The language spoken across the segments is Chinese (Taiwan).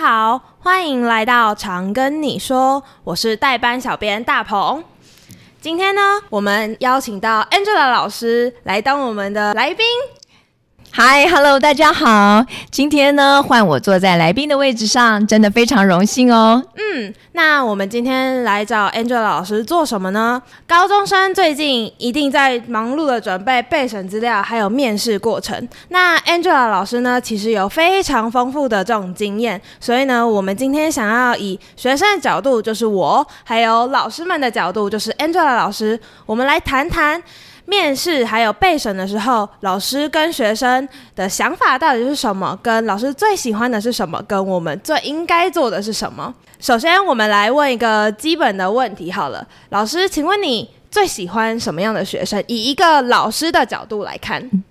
好，歡迎來到長庚，你說，我是代班小編大鵬。今天呢，我們邀請到 Angela 老師來當我們的來賓。Hi，Hello，大家好。今天呢，換我坐在來賓的位置上，真的非常榮幸哦。嗯，那我們今天來找 Angela 老師做什麼呢？高中生最近一定在忙碌的準備備審資料，還有面試過程。那 Angela 老師呢，其實有非常豐富的這種經驗，所以呢，我們今天想要以學生的角度，就是我，還有老師們的角度，就是 Angela 老師，我們來談談。面試還有備審的時候，老師跟學生的想法到底是什麼？跟老師最喜歡的是什麼？跟我們最應該做的是什麼？首先，我們來問一個基本的問題好了，老師，請問你最喜歡什麼樣的學生？以一個老師的角度來看。嗯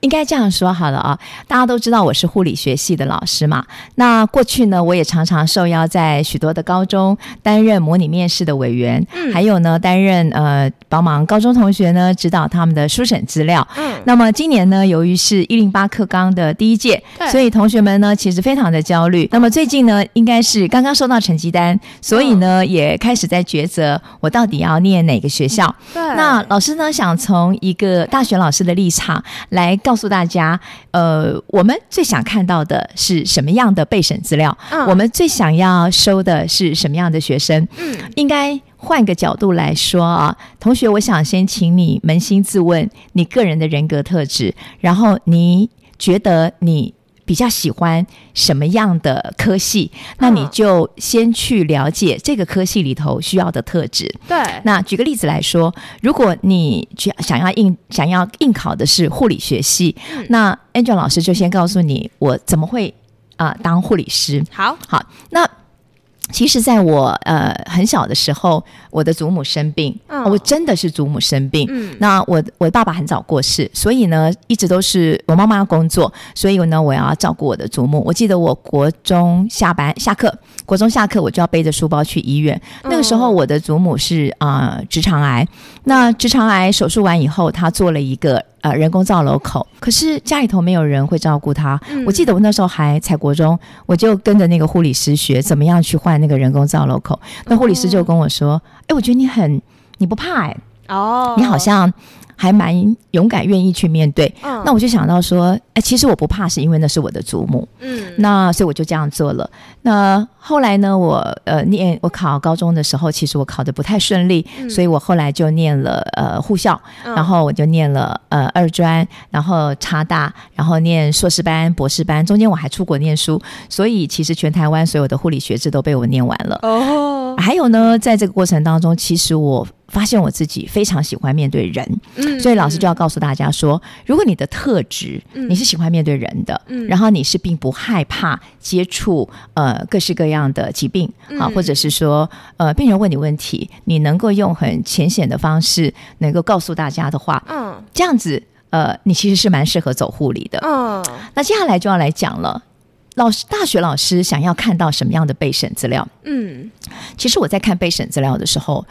應該這樣說好了啊，大家都知道我是護理學系的老師嘛。那過去呢，我也常常受邀在許多的高中擔任模擬面試的委員，嗯、還有呢，擔任呃，幫忙高中同學呢指導他們的書審資料，嗯。那麼今年呢，由於是一零八課綱的第一屆，對，所以同學們呢其實非常的焦慮。那麼最近呢，應該是剛剛收到成績單，所以呢、嗯、也開始在抉擇我到底要念哪個學校。嗯、對，那老師呢想從一個大學老師的立場來。來告訴大家，呃，我們最想看到的是什麼樣的備審資料？嗯、我們最想要收的是什麼樣的學生？嗯，應該換個角度來說啊，同學，我想先請你捫心自問，你個人的人格特質，然後你覺得你，比較喜歡什麼樣的科系？嗯、那你就先去了解這個科系裡頭需要的特質。對。那舉個例子來說，如果你想要應想要應考的是護理學系，嗯、那 Angela 老師就先告訴你，我怎麼會啊、嗯呃、當護理師？好，好，那。其實，在我呃很小的時候，我的祖母生病，哦、我真的是祖母生病。嗯、那我我爸爸很早過世，所以呢，一直都是我媽媽要工作，所以呢，我要照顧我的祖母。我記得我國中下班下課，國中下課我就要背着書包去醫院。哦、那個時候，我的祖母是啊、呃、直腸癌。那直腸癌手術完以後，她做了一個。呃，人工造樓口，可是家裡頭沒有人會照顧他。嗯、我記得我那時候還采國中，我就跟着那個護理師學怎麼樣去換那個人工造樓口。嗯、那護理師就跟我說：“哎、欸，我覺得你很，你不怕哎、欸。”哦，你好像還蠻勇敢，願意去面對。嗯、那我就想到說，哎、欸，其實我不怕，是因為那是我的祖母。嗯，那所以我就這樣做了。那後來呢，我呃念我考高中的時候，其實我考得不太順利，嗯、所以我後來就念了呃護校，嗯、然後我就念了呃二專，然後插大，然後念碩士班、博士班，中間我還出國念書，所以其實全台灣所有的護理學制都被我念完了。哦，還有呢，在這個過程當中，其實我。發現我自己非常喜歡面對人，嗯，所以老師就要告訴大家說，如果你的特質，你是喜歡面對人的，嗯，然後你是並不害怕接觸，呃，各式各樣的疾病，啊，嗯、或者是說，呃，病人問你問題，你能夠用很淺顯的方式能夠告訴大家的話，嗯、哦，這樣子，呃，你其實是蠻適合走護理的，嗯、哦，那接下來就要來講了，老師，大學老師想要看到什麼樣的備審資料？嗯，其實我在看備審資料的時候。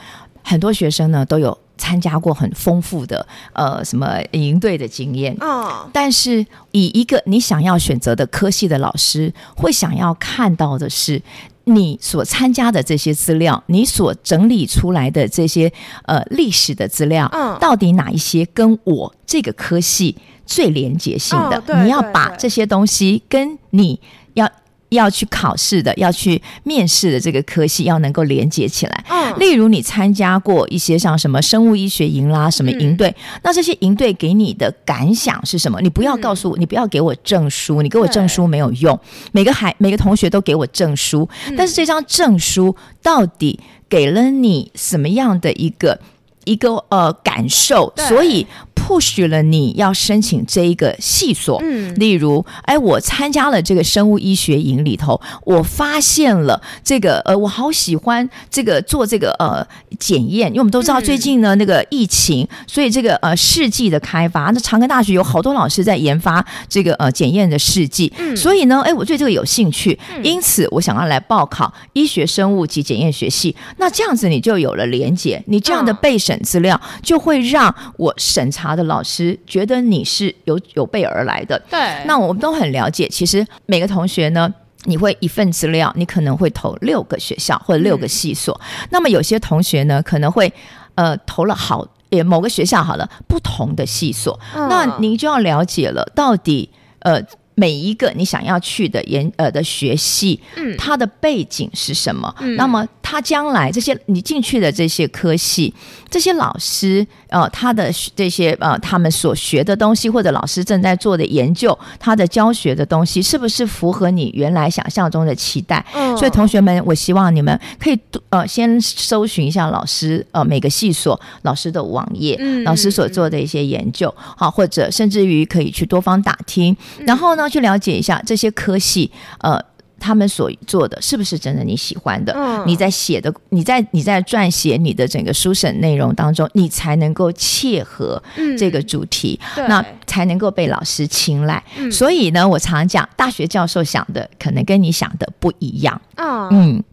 很多學生呢，都有參加過很豐富的呃什麼營隊的經驗，oh. 但是以一個你想要選擇的科系的老師會想要看到的是你所參加的這些資料，你所整理出來的這些呃歷史的資料，oh. 到底哪一些跟我這個科系最連接性的？Oh, 對你要把這些東西跟你要。要去考試的，要去面試的這個科系要能夠連接起來。嗯、例如你參加過一些像什麼生物醫學營啦，什麼營隊，嗯、那這些營隊給你的感想是什麼？你不要告訴我，嗯、你不要給我證書，你給我證書沒有用。對每個孩每個同學都給我證書，嗯、但是這張證書到底給了你什麼樣的一個一個呃感受？對所以。促許了你要申請這一個系所，嗯，例如，哎，我參加了這個生物醫學營裡頭，我發現了這個，呃，我好喜歡這個做這個呃檢驗，因為我們都知道最近呢那個疫情，所以這個呃試劑的開發，那長庚大學有好多老師在研發這個呃檢驗的試劑，嗯，所以呢，哎，我對這個有興趣，因此我想要來報考醫學生物及檢驗學系，那這樣子你就有了連結，你這樣的備審資料就會讓我審查的老師覺得你是有有備而來的，對。那我們都很了解，其實每個同學呢，你會一份資料，你可能會投六個學校或者六個系所。嗯、那麼有些同學呢，可能會呃投了好也、欸、某個學校好了不同的系所，嗯、那您就要了解了，到底呃每一個你想要去的研呃的學系，嗯、它的背景是什麼？嗯、那麼。他將來這些你進去的這些科系，這些老師呃，他的這些呃，他們所學的東西，或者老師正在做的研究，他的教學的東西，是不是符合你原來想象中的期待？Oh. 所以同學們，我希望你們可以呃，先搜尋一下老師呃，每個系所老師的網頁，老師所做的一些研究，好、mm hmm. 啊，或者甚至於可以去多方打聽，然後呢，去了解一下這些科系呃。他們所做的是不是真的你喜歡的？嗯、你在寫的，你在你在撰寫你的整個書審內容當中，你才能夠切合這個主題，嗯、那才能夠被老師青睞。嗯、所以呢，我常講，大學教授想的可能跟你想的不一樣。嗯，嗯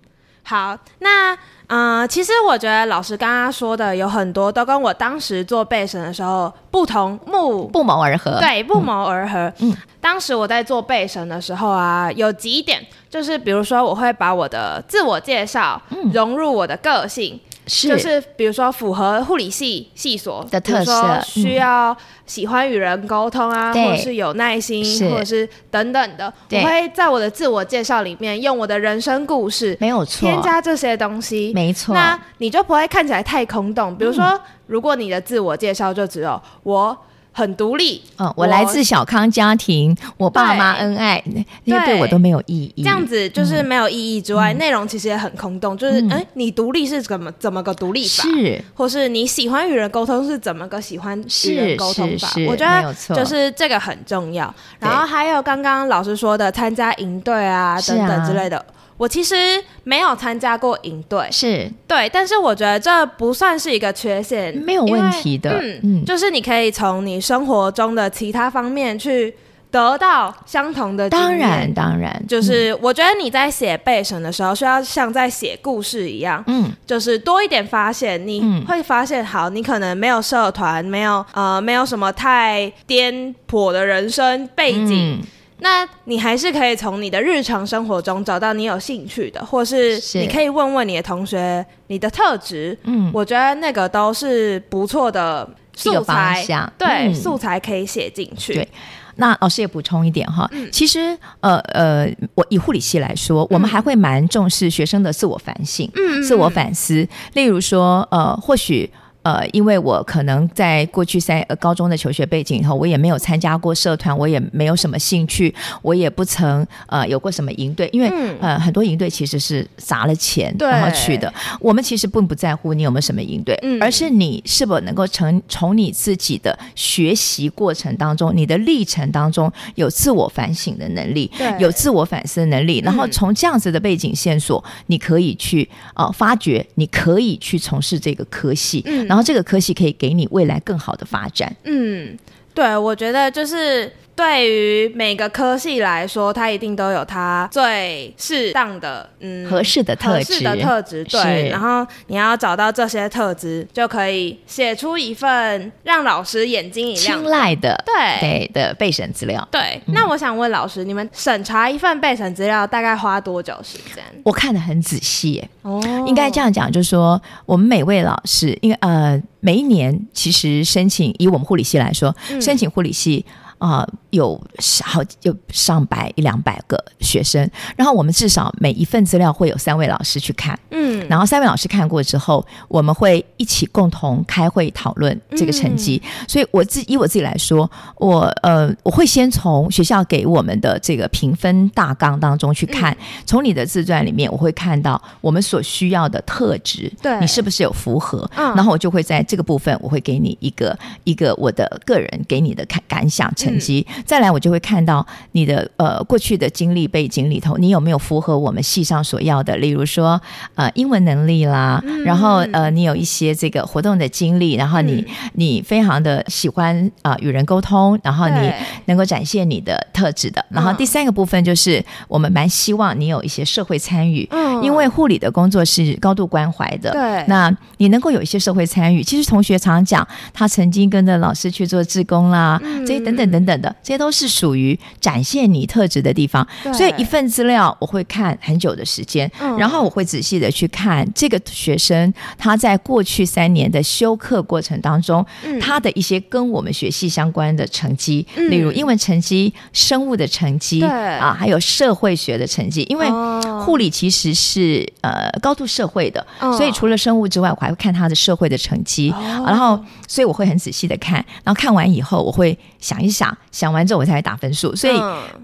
好，那。啊、呃，其實我覺得老師剛剛說的有很多都跟我當時做備審的時候不同，不不謀而合。對，不謀而合。嗯，當時我在做備審的時候啊，有幾點就是，比如說我會把我的自我介紹融入我的個性。嗯是，就是比如說符合護理系系所的特色，說需要喜歡與人溝通啊，嗯、或者是有耐心，對或者是等等的。對我會在我的自我介紹裡面用我的人生故事，沒有錯，添加這些東西，沒錯，那你就不會看起來太空洞。嗯、比如說，如果你的自我介紹就只有我。很獨立、嗯、我，我來自小康家庭，我爸媽恩愛，那對，對我都沒有意義。這樣子就是沒有意義之外，內、嗯、容其實也很空洞。嗯、就是哎、欸，你獨立是怎麼怎麼個獨立法？是，或是你喜歡與人溝通是怎麼個喜歡與人溝通法？是是是，我覺得就是這個很重要。對然後還有剛剛老師說的參加營隊啊等等之類的。我其實沒有參加過營隊，是對，但是我覺得這不算是一個缺陷，沒有問題的。嗯嗯，嗯，就是你可以從你生活中的其他方面去得到相同的當。當然當然，嗯、就是我覺得你在寫備審的時候，需要像在寫故事一樣，嗯，就是多一點發現。你會發現，嗯、好，你可能沒有社團，沒有呃，沒有什麼太顛簸的人生背景。嗯那你還是可以從你的日常生活中找到你有興趣的，或是你可以問問你的同學你的特質。嗯，我覺得那個都是不錯的素材，對，嗯、素材可以寫進去。對，那老師也補充一點哈，嗯、其實呃呃，我以護理系來說，嗯、我們還會蠻重視學生的自我反省、嗯嗯自我反思。例如說，呃，或許。呃，因為我可能在過去三高中的求學背景以後，我也沒有參加過社團，我也沒有什麼興趣，我也不曾呃有過什麼營隊，因為嗯、呃，很多營隊其實是砸了錢對然後去的。我們其實並不在乎你有沒有什麼營隊，嗯、而是你是否能夠從從你自己的學習過程當中，你的歷程當中有自我反省的能力，對有自我反思的能力，嗯、然後從這樣子的背景線索，你可以去啊、呃、發掘，你可以去從事這個科系。嗯然後這個科系可以給你未來更好的發展。嗯，對，我覺得就是。對於每個科系來說，它一定都有它最適當的嗯合適的特質，合適的特質對。是然後你要找到這些特質，就可以寫出一份讓老師眼睛一亮、青睞的對，對的備審資料。對。嗯、那我想問老師，你們審查一份備審資料大概花多久時間？我看得很仔細哦。應該這樣講，就是說我們每位老師，因為呃，每一年其實申請以我們護理系來說，嗯、申請護理系。啊、呃，有好有上百一兩百個學生，然後我們至少每一份資料會有三位老師去看，嗯，然後三位老師看過之後，我們會一起共同開會討論這個成績。嗯、所以，我自以我自己來說，我呃，我會先從學校給我們的這個評分大綱當中去看，嗯、從你的自傳裡面，我會看到我們所需要的特質，對你是不是有符合，嗯、然後我就會在這個部分，我會給你一個、嗯、一個我的個人給你的感感想成績。以及、嗯、再來，我就會看到你的呃過去的經歷背景裡頭，你有沒有符合我們系上所要的？例如說，呃，英文能力啦，嗯、然後呃，你有一些這個活動的經歷，然後你、嗯、你非常的喜歡啊、呃、與人溝通，然後你能夠展現你的特質的。對然後第三個部分就是，我們蠻希望你有一些社會參與，嗯、因為護理的工作是高度關懷的。對，那你能夠有一些社會參與，其實同學常講，他曾經跟着老師去做志工啦，嗯、這些等等。等等的，這些都是屬於展現你特質的地方。對所以一份資料我會看很久的時間，嗯、然後我會仔細的去看這個學生他在過去三年的修課過程當中，嗯、他的一些跟我們學系相關的成績，嗯、例如英文成績、生物的成績對啊，還有社會學的成績。因為護理其實是、哦、呃高度社會的，所以除了生物之外，我還會看他的社會的成績。哦啊、然後，所以我會很仔細的看，然後看完以後，我會想一想。想完之後我才打分數，所以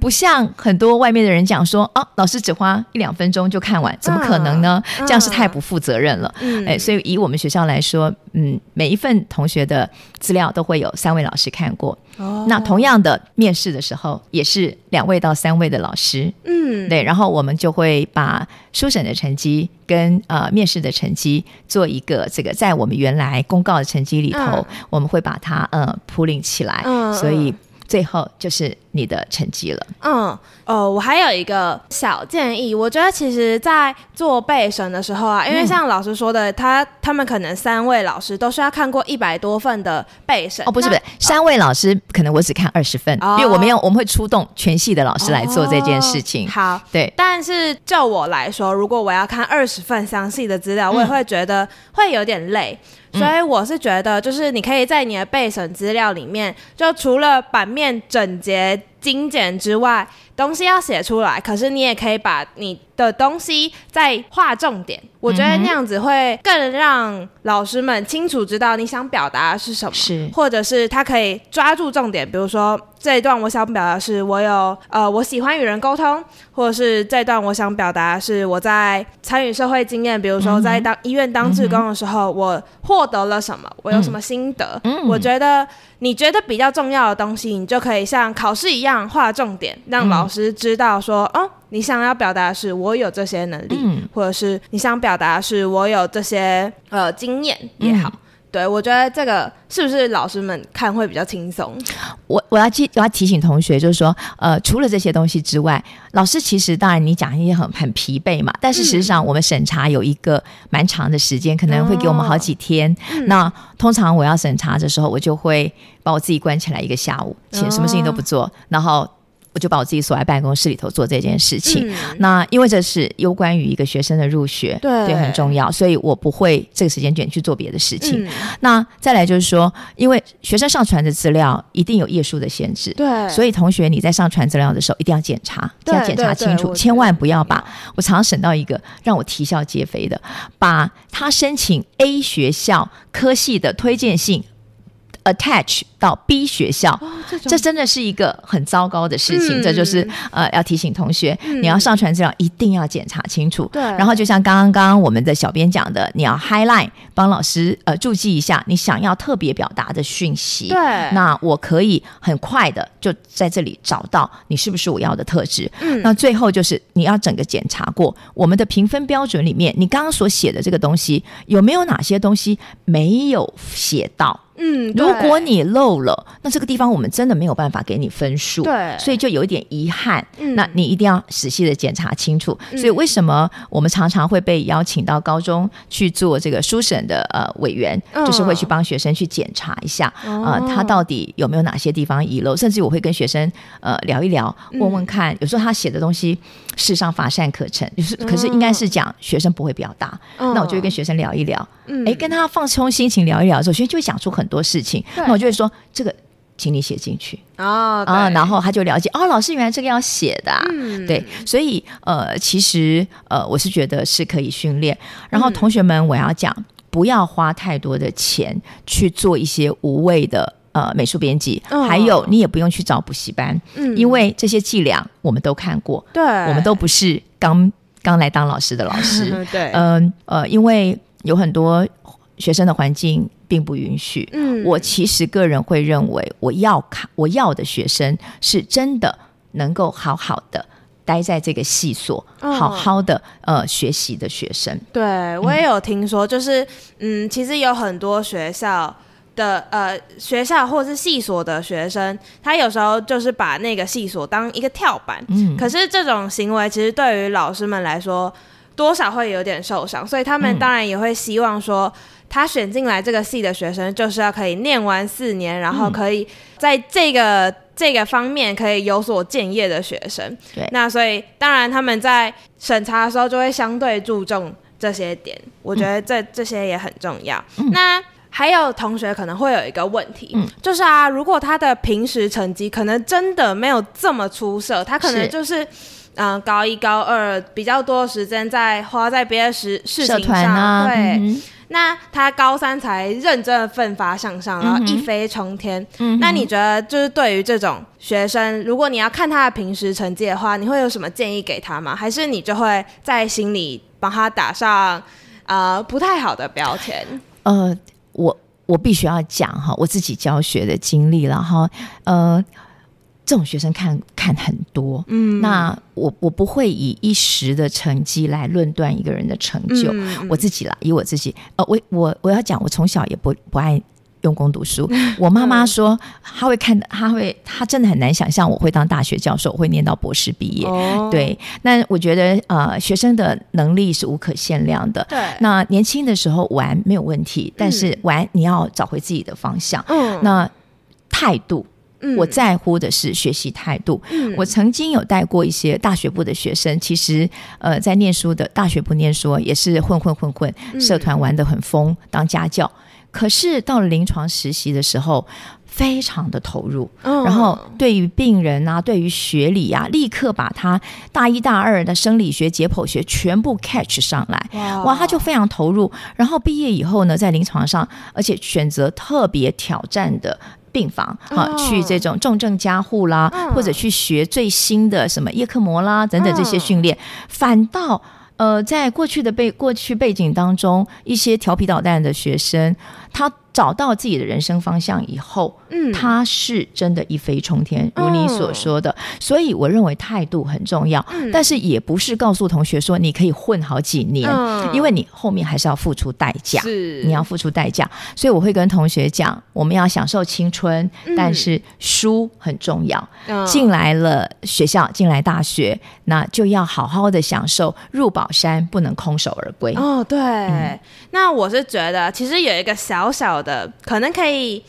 不像很多外面的人講說哦、uh, 啊，老師只花一兩分鐘就看完，怎麼可能呢？Uh, uh, 這樣是太不負責任了。哎、um, 欸，所以以我們學校來說，嗯，每一份同學的資料都會有三位老師看過。哦，uh, 那同樣的面試的時候也是兩位到三位的老師。嗯，uh, 對，然後我們就會把初審的成績跟呃面試的成績做一個這個，在我們原來公告的成績裡頭，uh, 我們會把它呃鋪 o 起來，uh, uh. 所以。最後就是。你的成績了。嗯，呃、哦，我還有一個小建議，我覺得其實，在做備審的時候啊，因為像老師說的，嗯、他他們可能三位老師都是要看過一百多份的備審。哦，那不是不是，哦、三位老師可能我只看二十份，哦、因為我們用，我們會出動全系的老師來做這件事情。哦、好，對。但是就我來說，如果我要看二十份詳細的資料，我也會覺得會有點累。嗯、所以我是覺得，就是你可以在你的備審資料裡面，就除了版面整潔。精簡之外，東西要寫出來。可是你也可以把你的東西在畫重點。嗯、哼我覺得那樣子會更讓老師們清楚知道你想表達是什麼，是或者是他可以抓住重點。比如說這一段我想表達是我有呃我喜歡與人溝通，或者是這一段我想表達是我在參與社會經驗，比如說在當醫院當志工的時候，我獲得了什麼，我有什麼心得。嗯、我覺得你覺得比較重要的東西，你就可以像考試一樣畫重點，讓老師知道說哦。嗯你想要表達的是我有這些能力，嗯、或者是你想表達的是我有這些呃經驗也好，嗯、對，我覺得這個是不是老師們看會比較輕鬆？我我要記我要提醒同學，就是說呃，除了這些東西之外，老師其實當然你講一些很很疲憊嘛，但是實際上我們審查有一個蠻長的時間，嗯、可能會給我們好幾天。哦嗯、那通常我要審查的時候，我就會把我自己關起來一個下午前，且、哦、什麼事情都不做，然後。我就把我自己鎖在辦公室裡頭做這件事情。嗯、那因為這是攸關於一個學生的入學，對，對很重要，所以我不會這個時間點去做別的事情。嗯、那再來就是說，因為學生上傳的資料一定有頁數的限制，對，所以同學你在上傳資料的時候一定要檢查，要檢查清楚，千萬不要把。我常常審到一個讓我啼笑皆非的，把他申請 A 學校科系的推薦信 attach，到 B 學校，哦、這，這真的是一個很糟糕的事情。嗯、這就是呃，要提醒同學，嗯、你要上傳資料一定要檢查清楚。對。然後就像剛剛剛剛我們的小編講的，你要 highlight 幫老師呃注記一下你想要特別表達的訊息。對。那我可以很快的就在這裡找到你是不是我要的特質。嗯。那最後就是你要整個檢查過我們的評分標準裡面，你剛剛所寫的這個東西有沒有哪些東西沒有寫到？嗯，如果你漏。夠了，那這個地方我們真的沒有辦法給你分數，對，所以就有一點遺憾。那你一定要仔細的檢查清楚。所以為什麼我們常常會被邀請到高中去做這個書審的呃委員，就是會去幫學生去檢查一下啊，他到底有沒有哪些地方遺漏？甚至我會跟學生呃聊一聊，問問看。有時候他寫的東西世上乏善可陳，就是可是應該是講學生不會表達，那我就會跟學生聊一聊。哎，跟他放鬆心情聊一聊的時候，學生就會講出很多事情。那我就會說。這個，請你寫進去啊、oh, 對啊！然後他就了解哦，老師原來這個要寫的、啊，嗯、對，所以呃，其實呃，我是覺得是可以訓練。然後同學們，我要講，嗯、不要花太多的錢去做一些無謂的呃美術編輯，oh. 還有你也不用去找補習班，嗯、因為這些伎倆我們都看過，對，我們都不是剛剛來當老師的老師。 對，嗯呃，呃，因為有很多學生的環境。並不允許。嗯，我其實個人會認為，我要看、我要的學生，是真的能夠好好的待在這個系所，哦、好好的呃學習的學生。對，我也有聽說，就是嗯，其實有很多學校的呃學校或是系所的學生，他有時候就是把那個系所當一個跳板。嗯，可是這種行為其實對於老師們來說，多少會有點受傷，所以他們當然也會希望說。嗯他選進來這個系的學生，就是要可以念完四年，然後可以在這個、嗯、這個方面可以有所建業的學生。對，那所以當然他們在審查的時候就會相對注重這些點，我覺得這、嗯、這些也很重要。嗯、那還有同學可能會有一個問題，嗯、就是啊，如果他的平時成績可能真的沒有這麼出色，他可能就是，嗯是、呃，高一高二比較多的時間在花在別的事事情上、啊、對。嗯嗯那他高三才認真的奮發向上，然後一飛沖天。嗯嗯、那你覺得，就是對於這種學生，如果你要看他的平時成績的話，你會有什麼建議給他嗎？還是你就會在心裡幫他打上，呃，不太好的標籤？呃，我我必須要講哈，我自己教學的經歷，然後呃。這種學生看看很多，嗯，那我我不會以一時的成績來論斷一個人的成就。嗯嗯，我自己啦，以我自己，呃，我我我要講，我從小也不不愛用功讀書。嗯、我媽媽說，她會看，她會，她真的很難想象我會當大學教授，我會念到博士畢業。哦、對，那我覺得，呃，學生的能力是無可限量的。對，那年輕的時候玩沒有問題，嗯、但是玩你要找回自己的方向。嗯，那態度。我在乎的是學習態度。嗯、我曾經有帶過一些大學部的學生，嗯、其實呃，在唸書的大學部唸書也是混混混混，嗯、社團玩得很瘋，當家教。可是到了臨床實習的時候，非常的投入。嗯、然後對於病人啊，對於學理啊，立刻把他大一大二的生理學、解剖學全部 catch 上來。哇，哇，他就非常投入。然後畢業以後呢，在臨床上，而且選擇特別挑戰的。病房啊，oh. 去這種重症加護啦，oh. 或者去學最新的什麼葉克膜啦，等等這些訓練，oh. 反倒呃，在過去的背過去背景當中，一些調皮搗蛋的學生，他找到自己的人生方向以後，嗯，他是真的一飛沖天，嗯、如你所說的。所以我認為態度很重要，嗯、但是也不是告訴同學說你可以混好幾年，嗯、因為你後面還是要付出代價，是你要付出代價。所以我會跟同學講，我們要享受青春，嗯、但是書很重要。進來了學校，進來大學，那就要好好的享受。入寶山不能空手而歸。哦，對。嗯、那我是覺得其實有一個小。小小的，可能可以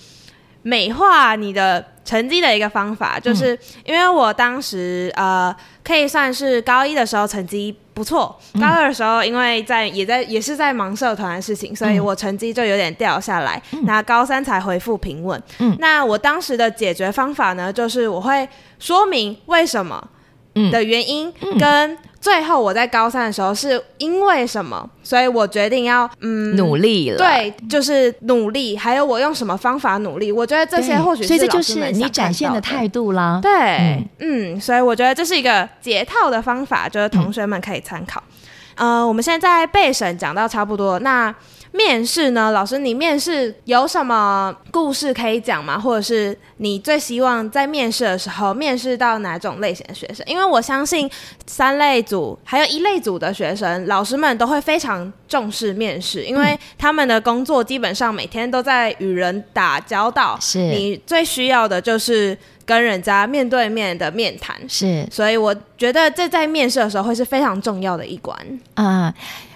美化你的成績的一個方法，嗯、就是因為我當時呃，可以算是高一的時候成績不錯，嗯、高二的時候因為在也在也是在忙社團的事情，所以我成績就有點掉下來，嗯、那高三才恢復平穩。嗯，那我當時的解決方法呢，就是我會說明為什麼的原因跟、嗯。嗯最後我在高三的時候是因為什麼，所以我決定要嗯努力了。對，就是努力，還有我用什麼方法努力，我覺得這些或許是老師們想你展現的態度啦。對，嗯，嗯，所以我覺得這是一個解套的方法，就是同學們可以參考。嗯、呃，我們現在備審講到差不多，那。面試呢，老師，你面試有什麼故事可以講嗎？或者是你最希望在面試的時候面試到哪種類型的學生？因為我相信三類組還有一類組的學生，老師們都會非常重視面試，因為他們的工作基本上每天都在與人打交道。是，你最需要的就是跟人家面對面的面談。是，所以我覺得這在面試的時候會是非常重要的一關。啊。Uh.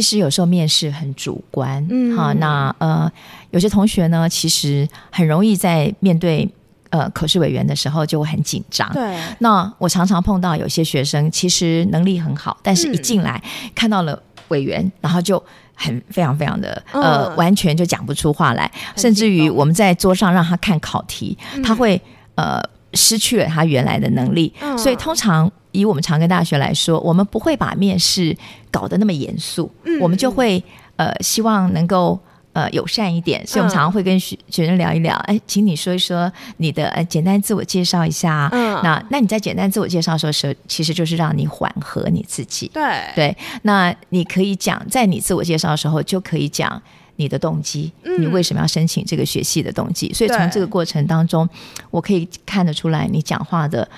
其實有時候面試很主觀，哈、嗯啊，那呃，有些同學呢，其實很容易在面對呃口試委員的時候就會很緊張。對。那我常常碰到有些學生，其實能力很好，但是一進來、嗯、看到了委員，然後就很非常非常的、嗯、呃，完全就講不出話來，嗯、甚至於我們在桌上讓他看考題，嗯、他會呃失去了他原來的能力。嗯、所以通常。以我們長庚大學來說，我們不會把面試搞得那麼嚴肅，嗯、我們就會呃，希望能夠呃友善一點。所以我們常常會跟學、嗯、學生聊一聊，哎，請你說一說你的呃簡單自我介紹一下、啊嗯、那那你在簡單自我介紹的時候，其實就是讓你緩和你自己。對對，那你可以講，在你自我介紹的時候就可以講你的動機，嗯、你為什麼要申請這個學系的動機。所以從這個過程當中，對我可以看得出來你講話的。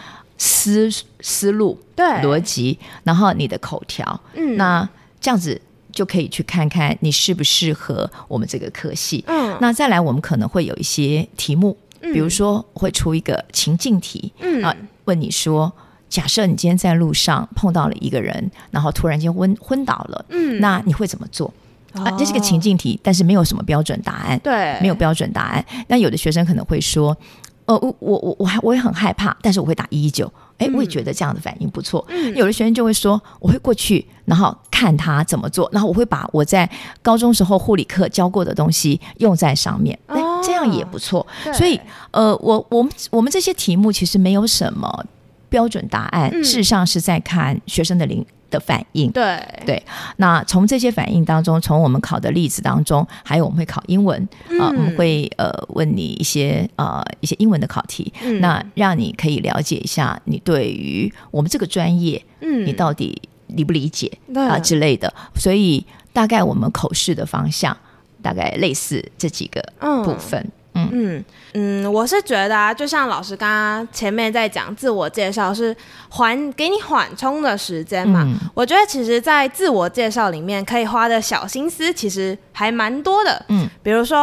思思路、對邏輯，然後你的口條，嗯、那這樣子就可以去看看你適不適合我們這個科系。嗯、那再來，我們可能會有一些題目，比如說會出一個情境題、嗯、啊，問你說：假設你今天在路上碰到了一個人，然後突然間昏昏倒了，嗯，那你會怎麼做？哦、啊，這是個情境題，但是沒有什麼標準答案，對，沒有標準答案。那有的學生可能會說。呃，我我我我還我也很害怕，但是我會打一一九，哎，我也覺得這樣的反應不錯。嗯，有的學生就會說，我會過去，然後看他怎麼做，然後我會把我在高中時候護理課教過的東西用在上面，那、哦、哎、這樣也不錯。對所以，呃，我我們我們這些題目其實沒有什麼。標準答案，事實上是在看學生的靈的反應。對對，那從這些反應當中，從我們考的例子當中，還有我們會考英文啊、嗯呃，我們會呃問你一些呃一些英文的考題，嗯、那讓你可以了解一下你對於我們這個專業，嗯，你到底理不理解、嗯、啊對之類的。所以大概我們口試的方向，大概類似這幾個部分。哦嗯嗯，我是覺得啊，就像老師剛剛前面在講，自我介紹是緩給你緩衝的時間嘛。嗯，我覺得其實，在自我介紹裡面可以花的小心思，其實還蠻多的。嗯，比如說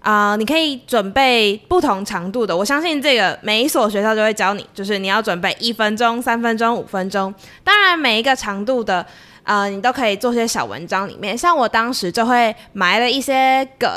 啊，呃，你可以準備不同長度的。我相信這個每一所學校都會教你，就是你要準備一分鐘、三分鐘、五分鐘。當然，每一個長度的。呃，你都可以做些小文章裡面，像我當時就會埋了一些梗，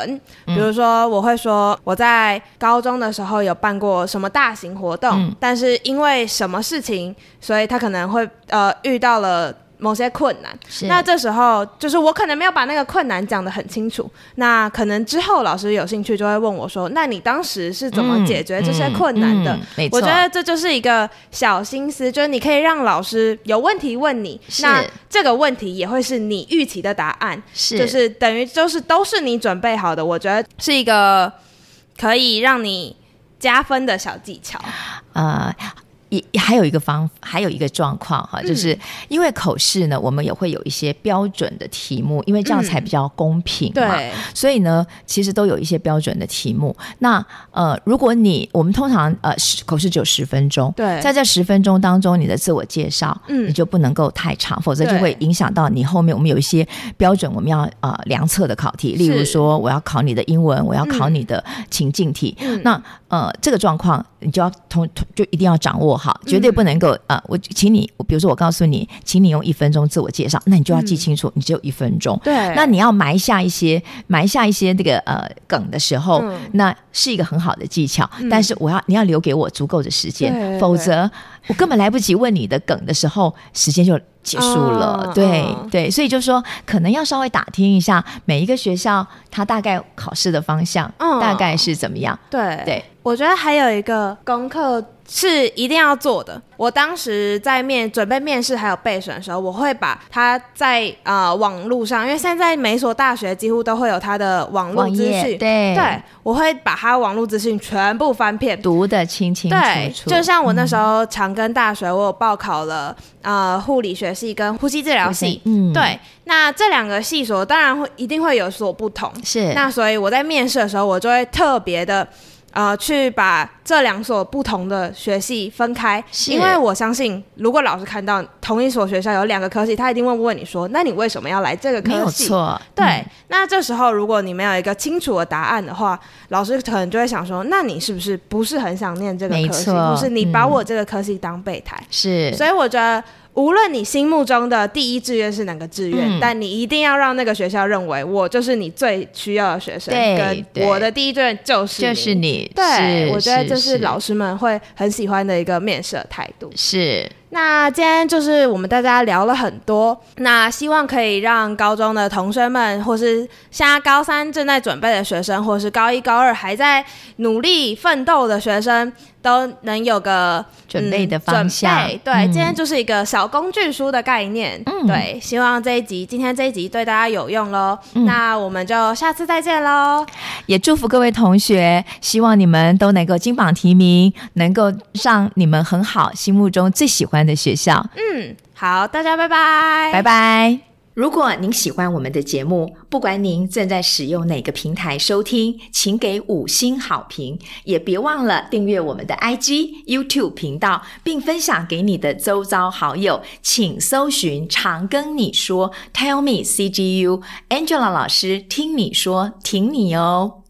比如說我會說我在高中的時候有辦過什麼大型活動，嗯，但是因為什麼事情，所以他可能會呃遇到了。某些困難，是那這時候就是我可能沒有把那個困難講得很清楚，那可能之後老師有興趣就會問我說，那你當時是怎麼解決這些困難的？嗯嗯嗯、沒錯，我覺得這就是一個小心思，就是你可以讓老師有問題問你，是那這個問題也會是你預期的答案，是就是等於就是都是你準備好的，我覺得是一個可以讓你加分的小技巧，呃。也還有一個方，還有一個狀況哈，嗯、就是因為口試呢，我們也會有一些標準的題目，因為這樣才比較公平嘛。嗯、對，所以呢，其實都有一些標準的題目。那呃，如果你我們通常呃，口試只有十分鐘，對，在這十分鐘當中，你的自我介紹，嗯，你就不能夠太長，嗯、否則就會影響到你後面。我們有一些標準，我們要呃量測的考題，是、例如說，我要考你的英文，我要考你的情境題，嗯嗯、那。呃，這個狀況你就要通通，就一定要掌握好，絕對不能夠啊、嗯呃！我請你，比如說我告訴你，請你用一分鐘自我介紹，那你就要記清楚，嗯、你只有一分鐘。對。那你要埋下一些，埋下一些那、這個呃梗的時候，嗯、那是一個很好的技巧。嗯、但是我要，你要留給我足夠的時間，嗯、否則我根本來不及問你的梗的時候，對對對時間就。結束了，嗯、對對，所以就說可能要稍微打聽一下每一個學校，他大概考試的方向，嗯、大概是怎麼樣？對對，對我覺得還有一個功課。是一定要做的。我當時在面準備面試還有備審的時候，我會把它在啊、呃、網絡上，因為現在每所大學幾乎都會有它的網絡資訊，對對，我會把它網絡資訊全部翻遍，讀得清清楚楚。對，就像我那時候長庚大學，我有報考了啊嗯、呃、護理學系跟呼吸治療系，嗯，對，那這兩個系所當然會一定會有所不同，是那所以我在面試的時候，我就會特別的。呃，去把這兩所不同的學系分開，是因為我相信，如果老師看到同一所學校有兩個科系，他一定會問，問你說，那你為什麼要來這個科系？沒有錯，對。嗯、那這時候，如果你沒有一個清楚的答案的話，老師可能就會想說，那你是不是不是很想念這個科系？不錯是你把我這個科系當備胎。嗯、是，所以我覺得。無論你心目中的第一志願是哪個志願，嗯、但你一定要讓那個學校認為我就是你最需要的學生，對跟我的第一志願就是就是你。對，是我覺得這是老師們會很喜歡的一個面試態度。是。是是那今天就是我們大家聊了很多，那希望可以讓高中的同學們，或是現在高三正在準備的學生，或是高一高二還在努力奮鬥的學生，都能有個、嗯、準備的方向。準備，對，嗯、今天就是一個小工具書的概念。嗯，對，希望這一集今天這一集對大家有用嘍。嗯、那我們就下次再見嘍，也祝福各位同學，希望你們都能夠金榜題名，能夠上你們很好心目中最喜歡的學校，嗯，好，大家拜拜，拜拜。如果您喜歡我們的節目，不管您正在使用哪個平台收聽，請給五星好評，也別忘了訂閱我們的 IG YouTube 頻道，並分享給你的周遭好友。請搜尋“長庚你說 ”，Tell me CGU Angela 老師聽你說，挺你哦。